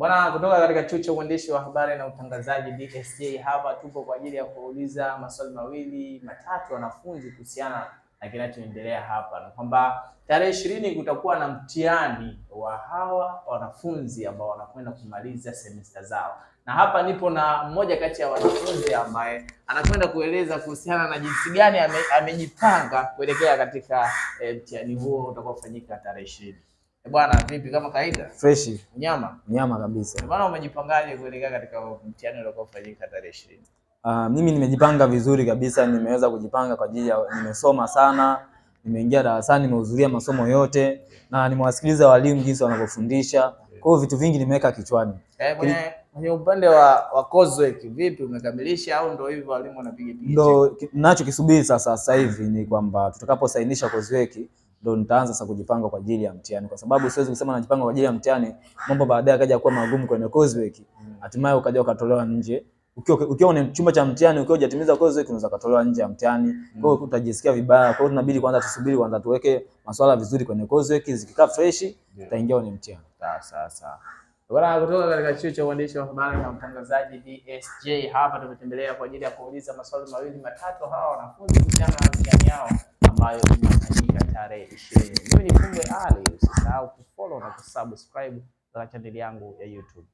Bwana kutoka katika chuo cha uandishi wa habari na utangazaji DSJ, hapa tupo kwa ajili ya kuuliza maswali mawili matatu wanafunzi kuhusiana na kinachoendelea hapa, na kwamba tarehe ishirini kutakuwa na mtihani wa hawa wanafunzi ambao wanakwenda kumaliza semesta zao, na hapa nipo na mmoja kati ya wanafunzi ambaye anakwenda kueleza kuhusiana na jinsi gani amejipanga kuelekea katika eh, mtihani huo utakaofanyika tarehe ishirini. Eh, bwana vipi kama kaida? Fresh. Nyama. Nyama kabisa. Bwana umejipangaje kuelekea katika mtihani uliokuwa kufanyika tarehe 20? Uh, ah, mimi nimejipanga vizuri kabisa, nimeweza kujipanga kwa ajili ya nimesoma sana, nimeingia darasani, nimehudhuria masomo yote na nimewasikiliza walimu jinsi wanavyofundisha. Kwa hiyo vitu vingi nimeweka kichwani. Eh, kwenye upande wa wa Kozwek vipi umekamilisha au ndio hivyo walimu wanapiga picha? Ndio ninachokisubiri sasa sasa hivi ni kwamba tutakaposainisha Kozwek ndo nitaanza sasa kujipanga kwa ajili ya mtihani, kwa sababu siwezi kusema najipanga kwa ajili ya mtihani, mambo baadaye akaja kuwa magumu kwenye coursework, hatimaye ukaja ukatolewa nje ukiwa ukiwa kwenye chumba cha mtihani, ukiwa hujatimiza coursework unaweza kutolewa nje ya mtihani. Kwa hiyo utajisikia vibaya. Kwa hiyo tunabidi kwanza tusubiri kwanza tuweke masuala vizuri kwenye coursework, zikikaa fresh tutaingia kwenye mtihani. Sawa sawa sawa. Bwana kutoka katika chuo cha uandishi wa habari na mtangazaji DSJ, hapa tumetembelea kwa ajili ya kuuliza maswali mawili matatu hawa wanafunzi kuhusiana na mtihani yao ambayo tarehe ishirini. Mimi ni Kungwe Ali, usisahau kufollow na kusubscribe katika chaneli yangu ya YouTube.